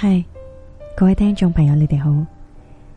係、hey, 各位聽眾朋友，你哋好，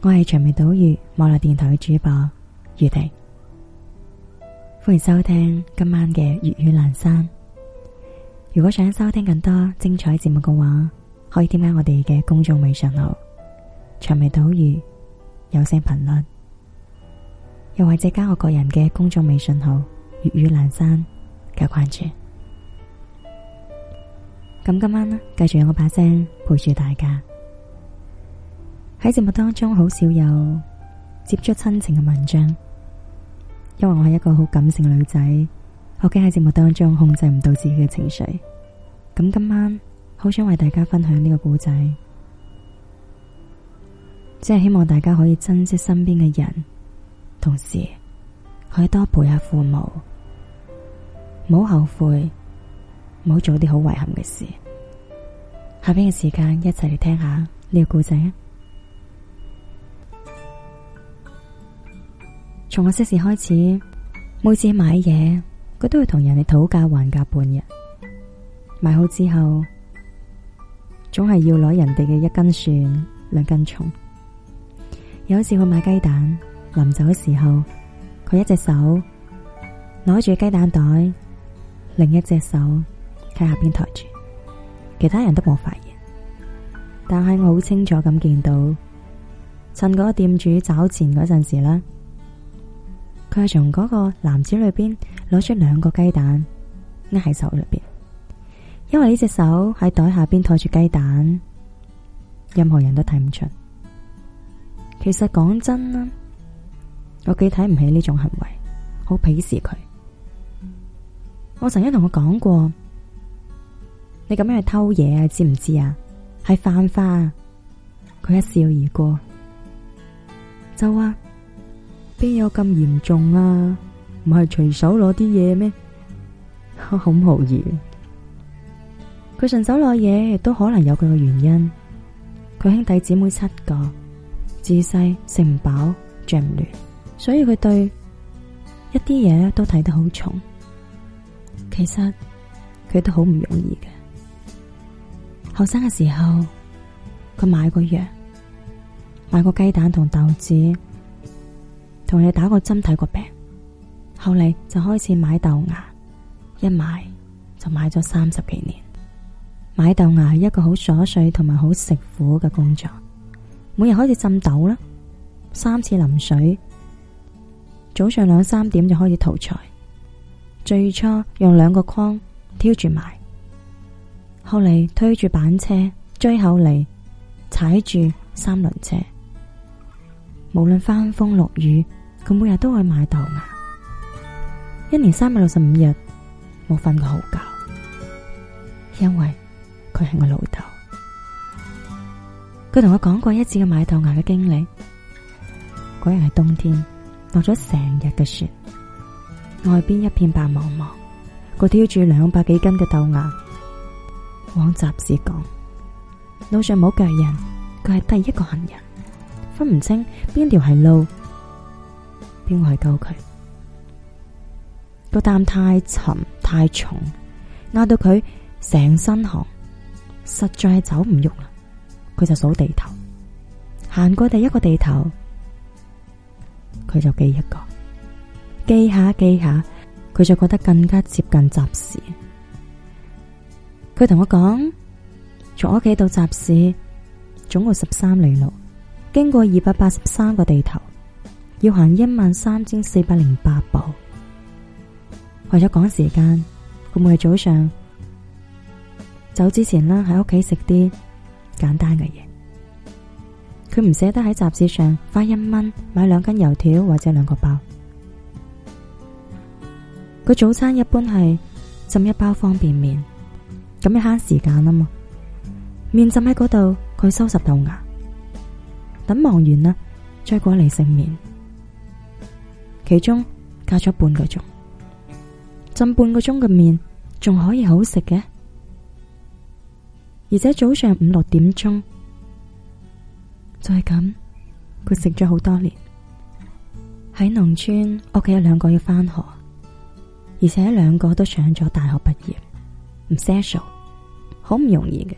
我係長尾島嶼網絡電台嘅主播玉婷，歡迎收聽今晚嘅粵語闌山。如果想收聽更多精彩節目嘅話，可以添加我哋嘅公眾微信號長尾島嶼有聲頻率，又或者加我個人嘅公眾微信號粵語闌山嘅關注。咁今晚呢，繼續用我把聲陪住大家。喺節目當中好少有接觸親情嘅文章，因為我係一個好感性嘅女仔，我驚喺節目當中控制唔到自己嘅情緒。咁今晚好想為大家分享呢個故仔，即係希望大家可以珍惜身邊嘅人，同時可以多陪下父母，唔好後悔，唔好做啲好遺憾嘅事。下邊嘅時間，一齊嚟聽下呢個故仔啊！從我識事開始，每次買嘢佢都會同人哋討價還價半日，買好之後總係要攞人哋嘅一斤蒜兩斤蔥。有一次去買雞蛋，臨走嘅時候，佢一隻手攞住雞蛋袋，另一隻手喺下邊抬住。其他人都冇發現，但係我好清楚咁見到，趁嗰個店主找錢嗰陣時啦，佢係從嗰個籃子裏邊攞出兩個雞蛋，握喺手裏邊，因為呢隻手喺袋下邊抬住雞蛋，任何人都睇唔出。其實講真啦，我幾睇唔起呢種行為，好鄙視佢。我曾經同佢講過。你咁樣去偷嘢啊？知唔知啊？係犯法啊。佢一笑而過，就話邊有咁嚴重啊？唔係隨手攞啲嘢咩？好 無疑聊。」佢隨手攞嘢亦都可能有佢嘅原因。佢兄弟姊妹七個，自細食唔飽着唔暖，所以佢對一啲嘢都睇得好重。其實佢都好唔容易嘅。後生嘅時候，佢買過藥，買過雞蛋同豆子，同你打過針睇過病，後嚟就開始買豆芽，一買就買咗三十幾年。買豆芽係一個好瑣碎同埋好食苦嘅工作，每日開始浸豆啦，三次淋水，早上兩三點就開始淘菜，最初用兩個框挑住賣。後嚟推住板車，追後嚟踩住三輪車，無論翻風落雨，佢每日都去買豆芽，一年三百六十五日冇瞓過好覺，因為佢係我老豆。佢同我講過一次嘅買豆芽嘅經歷，嗰日係冬天，落咗成日嘅雪，外邊一片白茫茫，佢挑住兩百幾斤嘅豆芽。往集市講，路上冇腳印，佢係第一個行人，分唔清邊條係路，邊係溝渠。個擔太沉太重，壓到佢成身汗，實在係走唔喐啦。佢就數地頭，行過第一個地頭，佢就記一個，記下記下，佢就覺得更加接近集市。佢同我講，從屋企到集市，總共十三里路，經過二百八十三個地頭，要行一萬三千四百零八步。為咗趕時間，佢每日早上走之前咧喺屋企食啲簡單嘅嘢。佢唔捨得喺集市上花一蚊買兩斤油條或者兩個包。佢早餐一般係浸一包方便麵。咁要慳時間啊嘛，麵浸喺嗰度，佢收拾豆芽，等忙完啦，再過嚟食麵。其中隔咗半個鐘，浸半個鐘嘅麵仲可以好食嘅，而且早上五六點鐘就係咁，佢食咗好多年。喺農村屋企有兩個要返學，而且兩個都上咗大學畢業，唔捨數好唔容易嘅，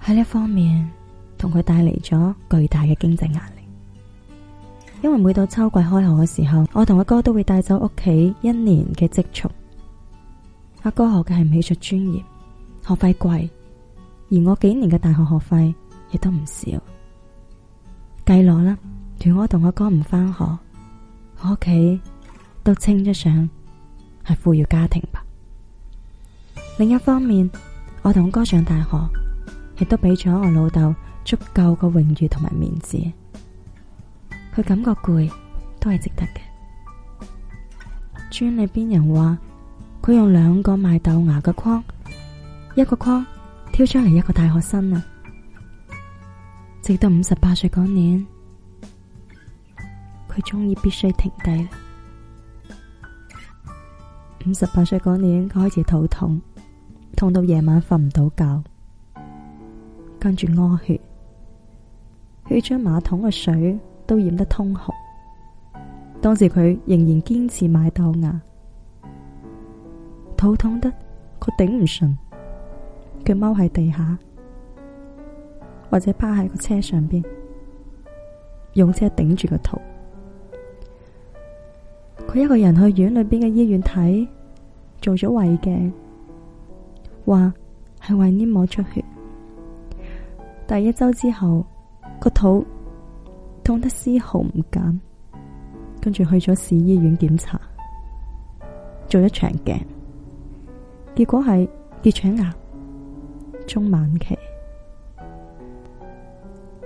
喺呢一方面同佢帶嚟咗巨大嘅經濟壓力。因為每到秋季開學嘅時候，我同阿哥都會帶走屋企一年嘅積蓄。阿哥學嘅係美術專業，學費貴，而我幾年嘅大學學費亦都唔少。計落啦，如果我同阿哥唔返學，我屋企都稱得上係富裕家庭吧。另一方面，我同哥上大學，亦都俾咗我老豆足夠個榮譽同埋面子。佢感覺攰，都係值得嘅。村裏邊人話，佢用兩個賣豆芽嘅筐，一個筐挑出嚟一個大學生啊！直到五十八歲嗰年，佢終於必須停低。五十八歲嗰年，佢開始肚痛。痛到夜晚瞓唔到覺，跟住屙血，血將馬桶嘅水都染得通紅。當時佢仍然堅持買豆芽，肚痛得佢頂唔順，佢踎喺地下，或者趴喺個車上邊，用車頂住個肚。佢一個人去院裏邊嘅醫院睇，做咗胃鏡。話係胃黏膜出血，第一周之後個肚痛得絲毫唔減，跟住去咗市醫院檢查，做咗腸鏡，結果係結腸癌中晚期。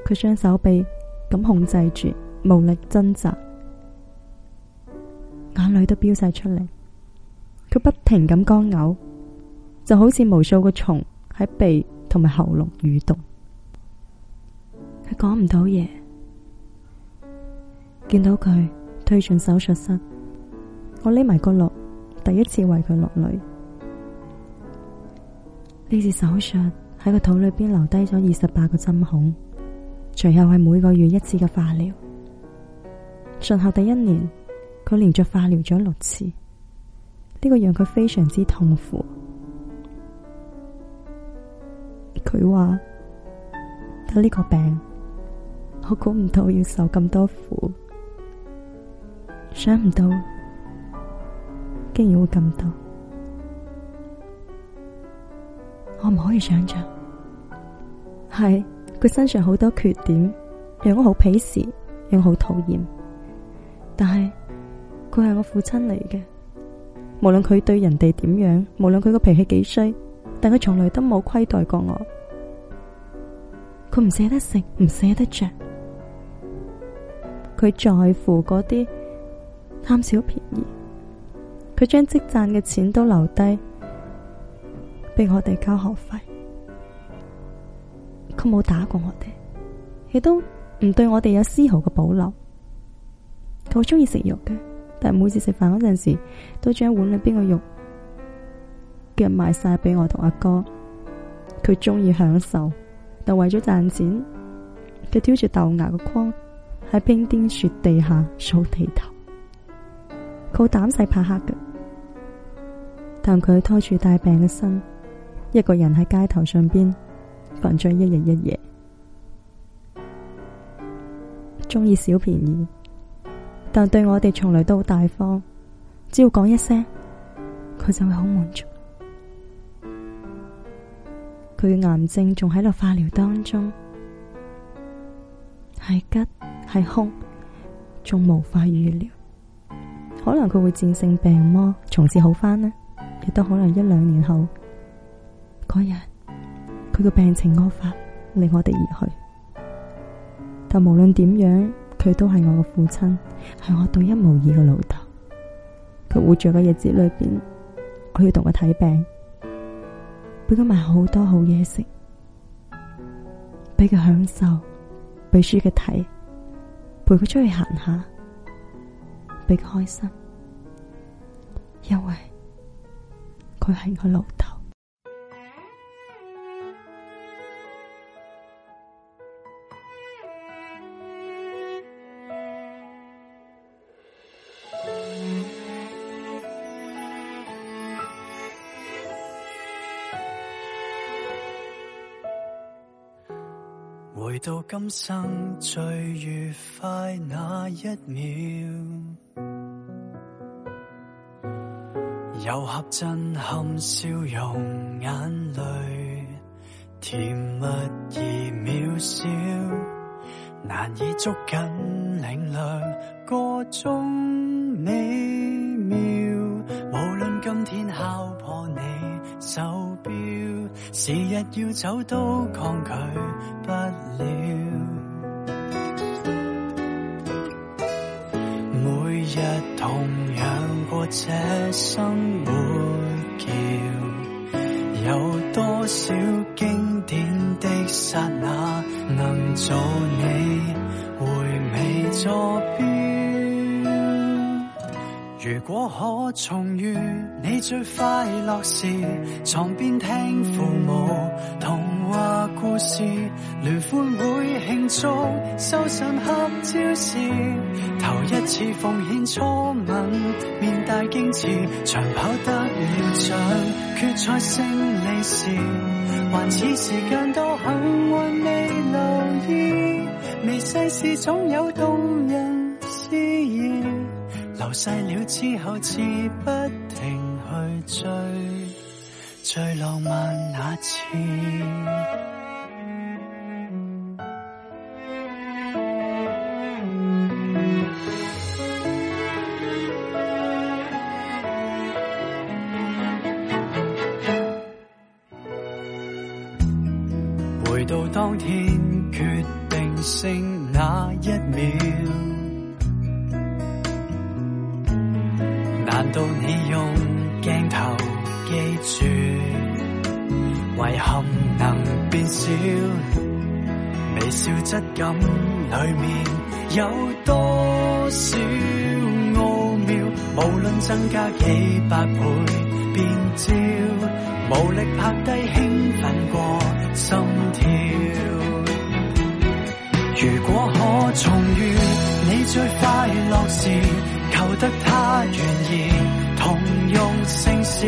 佢雙手臂咁控制住，無力掙扎，眼淚都飆晒出嚟，佢不停咁乾嘔。就好似無數個蟲喺鼻同埋喉嚨蠕動，佢講唔到嘢。見到佢推進手術室，我匿埋角落，第一次為佢落淚。呢次手術喺個肚裏邊留低咗二十八個針孔，隨後係每個月一次嘅化療。術後第一年，佢連續化療咗六次，呢、這個讓佢非常之痛苦。佢話得呢個病，我估唔到要受咁多苦，想唔到竟然會咁多，我唔可以想象。係佢身上好多缺點，讓我好鄙視，讓我好討厭。但係佢係我父親嚟嘅，無論佢對人哋點樣，無論佢個脾氣幾衰，但佢從來都冇虧待過我。佢唔捨得食，唔捨得着，佢在乎嗰啲貪小便宜。佢將積攢嘅錢都留低，俾我哋交學費。佢冇打過我哋，亦都唔對我哋有絲毫嘅保留。佢好中意食肉嘅，但係每次食飯嗰陣時，都將碗裏邊嘅肉夾埋晒俾我同阿哥，哥。佢中意享受。就為咗賺錢，佢挑住豆芽嘅筐喺冰天雪地下掃地頭，佢好膽細怕黑嘅。但佢拖住大病嘅身，一個人喺街頭上邊，瞓咗一日一夜，中意小便宜，但對我哋從來都好大方，只要講一聲，佢就會好滿足。佢癌症仲喺度化療當中，係吉係凶，仲無法預料。可能佢會戰勝病魔，從此好翻呢？亦都可能一兩年後嗰日，佢個病情惡化，離我哋而去。但無論點樣，佢都係我個父親，係我獨一無二嘅老豆。佢活着嘅日子裏邊，我要同佢睇病。俾佢買好多好嘢食，俾佢享受，俾書佢睇，陪佢出去行下，俾佢開心，因為佢係我老豆。到今生最愉快那一秒，又合震撼笑容眼，眼淚甜蜜而渺小，難以捉緊，領略箇中美妙。無論今天敲破你手表，時日要走都抗拒不了。日同樣過這生活橋，有多少經典的剎那，能做你回味座標？如果可重遇你最快樂時，床邊聽父母話故事，聯歡會慶祝，收信合照時，頭一次奉獻初吻，面帶矜持，長跑得了獎，決賽勝利時，還似時間多幸運未留意，微細事總有動人詩意，流逝了之後，似不停去追。最浪漫那次，嗯、回到當天決定醒那一秒，難道你用鏡頭記住？遺恨能變小，微笑質感裏面有多少奧妙？無論增加幾百倍，變焦無力拍低興奮過心跳。如果可重遇，你最快樂時，求得他願意。同用姓氏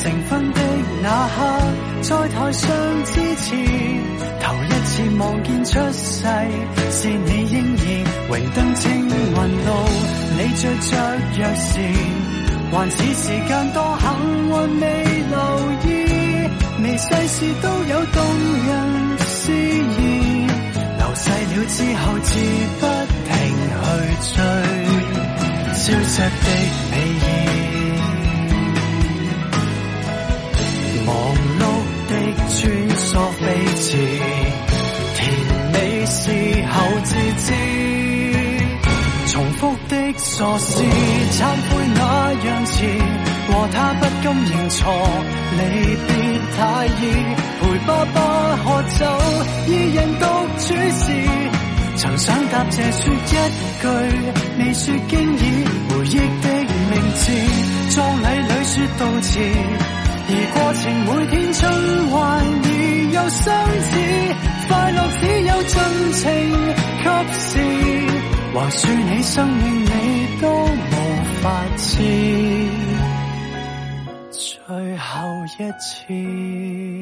成婚的那刻，在台上之前，頭一次望見出世是你嬰兒，榮登青雲路，你最着若時，還似時間多幸還未留意，微細事都有動人詩意，流逝了之後自不停去追，消失的美意。所飛馳，甜美事後自知，重複的傻事，懺悔那樣遲，和他不甘認錯，離別太易，陪爸爸喝酒，二人獨處時，曾想答謝説一句，未説經已，回憶的名字，葬禮裏説悼詞，而過程每天循環。又相似，快 樂只有盡情給試。話輸你生命，你都無法知。最後一次。